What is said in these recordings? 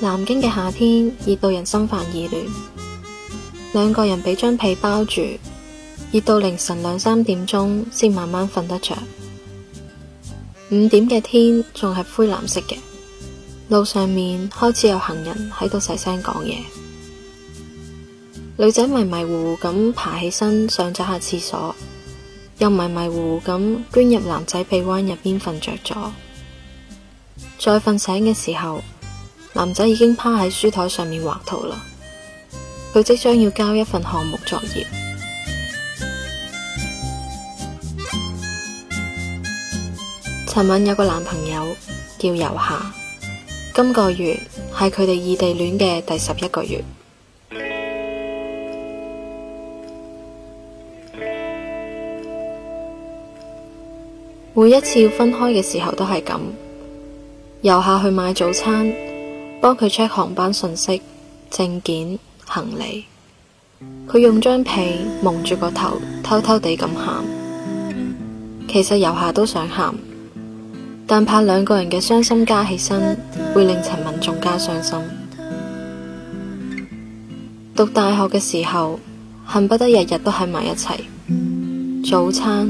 南京嘅夏天熱到人心煩意亂，兩個人俾張被包住，熱到凌晨兩三點鐘先慢慢瞓得着。五點嘅天仲係灰藍色嘅，路上面開始有行人喺度細聲講嘢。女仔迷迷糊糊咁爬起身上咗下廁所。又迷迷糊糊咁鑽入男仔臂彎入邊瞓着咗，再瞓醒嘅時候，男仔已經趴喺書台上面畫圖啦。佢即將要交一份項目作業。尋 晚有個男朋友叫游夏，今個月係佢哋異地戀嘅第十一個月。每一次要分開嘅時候都係咁，游下去買早餐，幫佢 check 航班信息、證件、行李。佢用張被蒙住個頭，偷偷地咁喊。其實游下都想喊，但怕兩個人嘅傷心加起身，會令陳文仲加傷心。讀大學嘅時候，恨不得日日都喺埋一齊，早餐、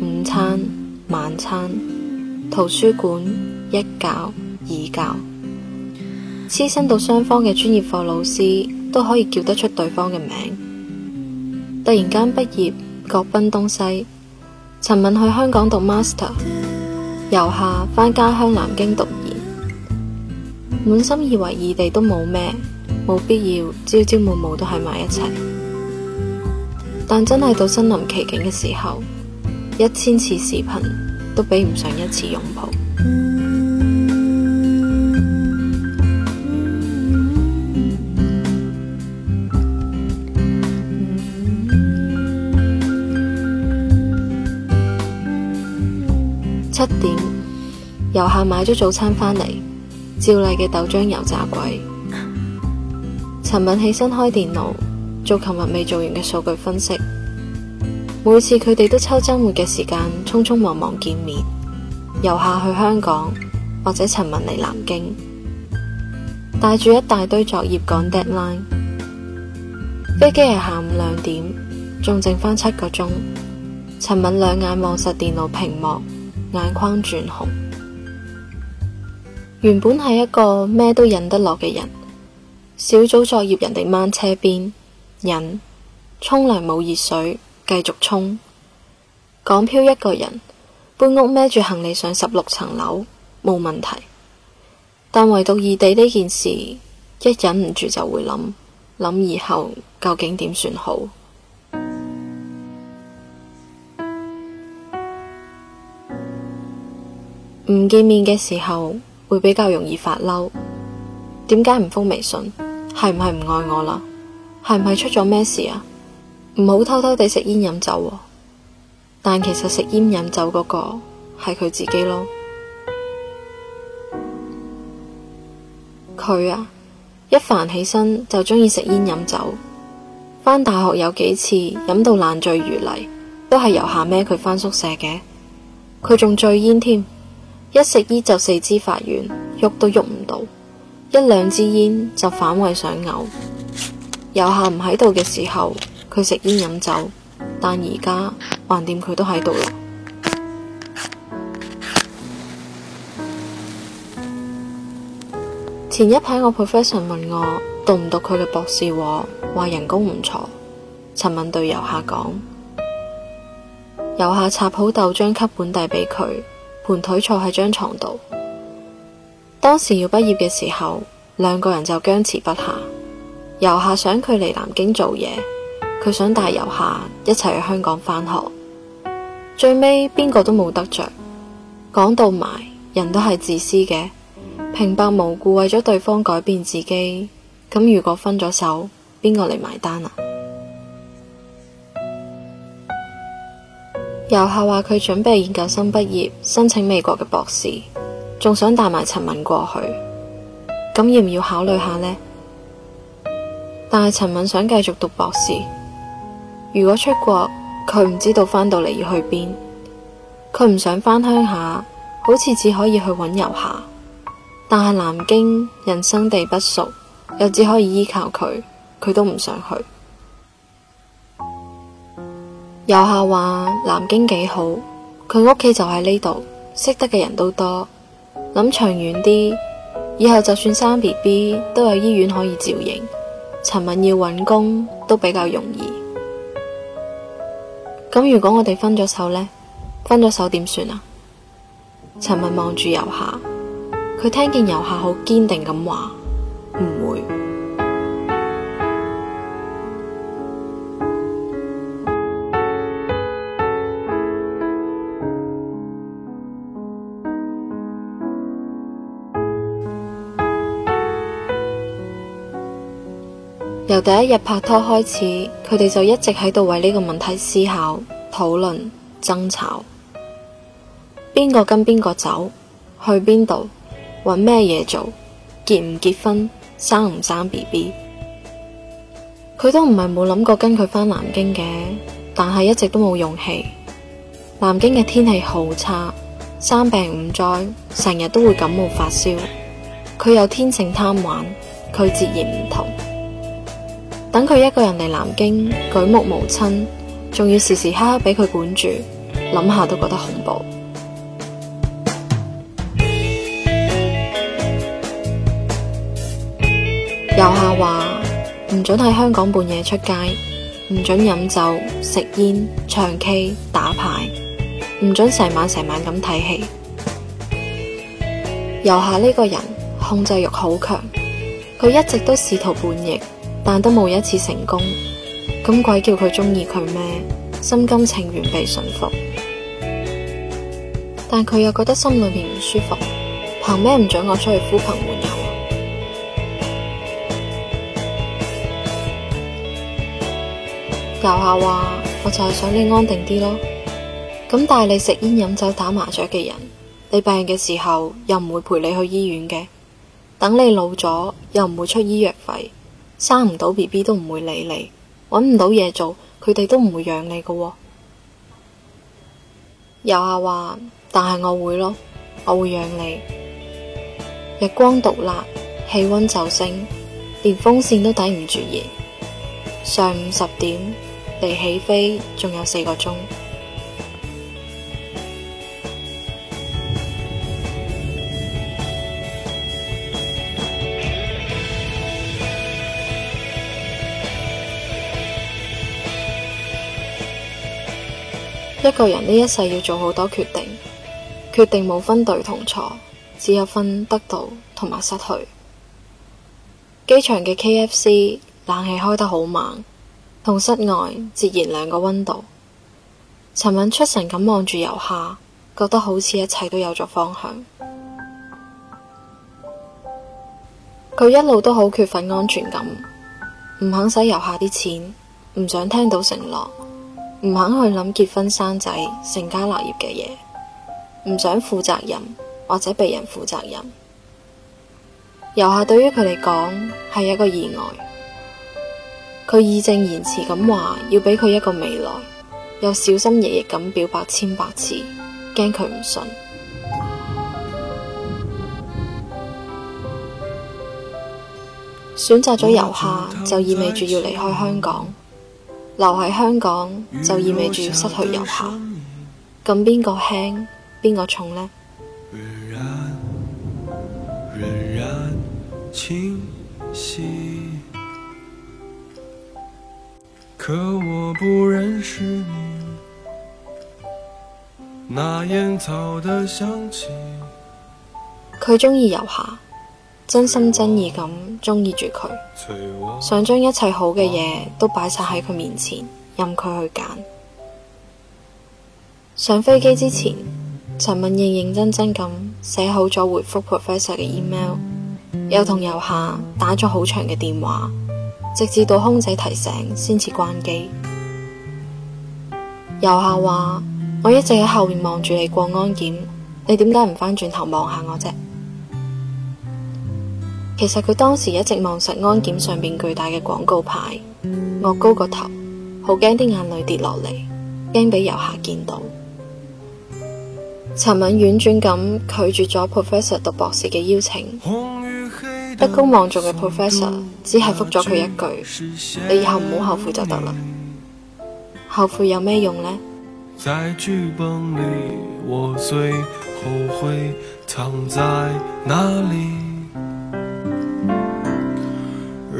午餐、晚餐、圖書館、一教二教，黐身到雙方嘅專業課老師都可以叫得出對方嘅名。突然間畢業，各奔東西。陳敏去香港讀 master，遊下，翻家鄉南京讀研，滿心以為異地都冇咩，冇必要朝朝暮暮都喺埋一齊。但真係到身臨其境嘅時候。一千次視頻都比唔上一次擁抱。 七點，遊客買咗早餐返嚟，照例嘅豆漿油炸鬼。陳敏 起身開電腦，做琴日未做完嘅數據分析。每次佢哋都抽周末嘅時間，匆匆忙忙見面。游下去香港或者陳文嚟南京，帶住一大堆作業趕 deadline。飛機係下午兩點，仲剩返七個鐘。陳文兩眼望實電腦屏幕，眼眶轉紅。原本係一個咩都忍得落嘅人，小組作業人哋掹車邊，忍，沖涼冇熱水，繼續沖，港漂一個人搬屋，孭住行李上十六層樓冇問題。但唯獨異地呢件事，一忍唔住就會諗，諗以後究竟點算好？唔見面嘅時候會比較容易發嬲，點解唔封微信？係唔係唔愛我啦？係唔係出咗咩事啊？唔好偷偷地食煙飲酒喎，但其實食煙飲酒嗰個係佢自己咯。佢 啊，一煩起身就中意食煙飲酒。返大學有幾次飲到爛醉如泥，都係游下孭佢返宿舍嘅。佢仲醉煙添，一食煙就四肢發軟，喐都喐唔到，一兩支煙就反胃想嘔。游下唔喺度嘅時候。佢食煙飲酒，但而家橫掂佢都喺度咯。前一排，我 professor 問我讀唔讀佢嘅博士，話人工唔錯。陳敏對游客講，游客插好豆漿，吸管遞俾佢，盤腿坐喺張床度。當時要畢業嘅時候，兩個人就僵持不下。游客想佢嚟南京做嘢。佢想帶游客一齊去香港返學，最尾邊個都冇得着。講到埋，人都係自私嘅，平白無故為咗對方改變自己，咁如果分咗手，邊個嚟埋單啊？游客話佢準備研究生畢業，申請美國嘅博士，仲想帶埋陳敏過去，咁要唔要考慮下呢？但係陳敏想繼續讀博士。如果出國，佢唔知道返到嚟，要去邊，佢唔想返鄉下，好似只可以去揾游客。但係南京人生地不熟，又只可以依靠佢，佢都唔想去。游客話南京幾好，佢屋企就喺呢度，識得嘅人都多，諗長遠啲，以後就算生 B B 都有醫院可以照應。陳敏要揾工都比較容易。咁如果我哋分咗手咧，分咗手點算啊？陳文望住游夏，佢聽見游夏好堅定咁話。由第一日拍拖開始，佢哋就一直喺度為呢個問題思考、討論、爭吵。邊個跟邊個走？去邊度？搵咩嘢做？結唔結婚？生唔生 BB？佢都唔係冇諗過跟佢返南京嘅，但係一直都冇勇氣。南京嘅天氣好差，生病唔災，成日都會感冒發燒。佢又天性貪玩，佢截然唔同。等佢一個人嚟南京，舉目無親，仲要時時刻刻俾佢管住，諗下都覺得恐怖。游客話唔准喺香港半夜出街，唔准飲酒、食煙、唱 K、打牌，唔准成晚成晚咁睇戲。游客呢個人控制欲好強，佢一直都試圖叛逆。但都冇一次成功，咁鬼叫佢鍾意佢咩？心甘情願被馴服，但佢又覺得心裏面唔舒服。憑咩唔准我出去呼朋喚友啊？游 下話，我就係想你安定啲咯。咁帶你食煙、飲酒、打麻雀嘅人，你病嘅時候又唔會陪你去醫院嘅，等你老咗又唔會出醫藥費。生唔到 B B 都唔會理你，揾唔到嘢做，佢哋都唔會養你㗎喎。有呀話，但係我會咯，我會養你。日光毒辣，氣溫就升，連風扇都抵唔住熱。上午十點，離起飛仲有四個鐘。一個人呢，一世要做好多決定，決定冇分對同錯，只有分得到同埋失去。機場嘅 KFC 冷氣開得好猛，同室外截然兩個溫度。陳敏出神咁望住遊客，覺得好似一切都有咗方向。佢一路都好缺乏安全感，唔肯使遊客啲錢，唔想聽到承諾。唔肯去諗結婚生仔、成家立業嘅嘢，唔想負責任或者被人負責任。遊客對於佢嚟講係一個意外，佢義正言辭咁話要俾佢一個未來，又小心翼翼咁表白千百次，驚佢唔信。 選擇咗遊客， 就意味住要離開香港。 留喺香港就意味住失去遊客。咁邊個輕邊個重呢？佢鍾意遊客。真心真意咁中意住佢， 想將一切好嘅嘢都擺晒喺佢面前，任佢去揀。 上飛機之前，陳敏認認真真咁寫好咗回覆 Professor 嘅 email，又同遊客打咗好長嘅電話，直至到空姐提醒先至關機。遊 客話，我一直喺後面望住你過安檢，你點解唔返轉頭望下我啫？其實佢當時一直望實安檢上邊巨大嘅廣告牌，我高個頭，好驚啲眼淚跌落嚟，驚俾遊客見到。陳敏婉轉咁拒絕咗 Professor 讀博士嘅邀請，德高望重嘅 Professor 只係覆咗佢一句：你，你以後唔好後悔就得啦。後悔有咩用呢？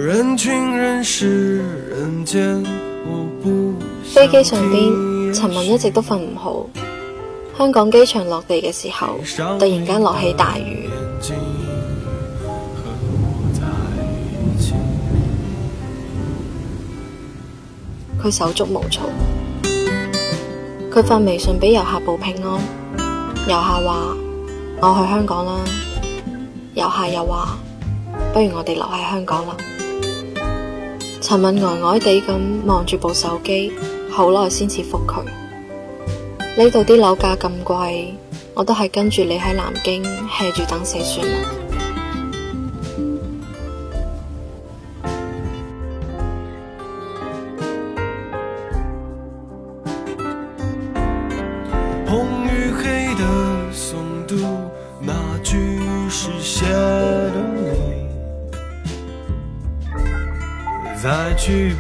人情人世人間我不飛機。飛機上邊，陳文一直都瞓唔好。香港機場落地嘅時候，突然間落起大雨，佢手足無措。佢發微信俾遊客報平安，遊客話：我去香港啦。遊客又話：不如我哋留喺香港啦。陳敏呆呆地咁望住部手機，好耐先至覆佢。呢度啲樓價咁貴，我都係跟住你喺南京 hea 住等死算啦。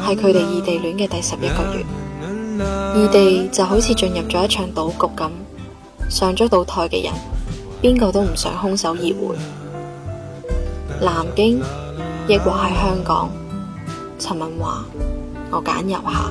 係佢哋異地戀嘅第十一個月，異地就好似進入咗一場賭局咁，上咗賭台嘅人，邊個都唔想空手而回。南京亦或係香港，陳文華，我揀有下。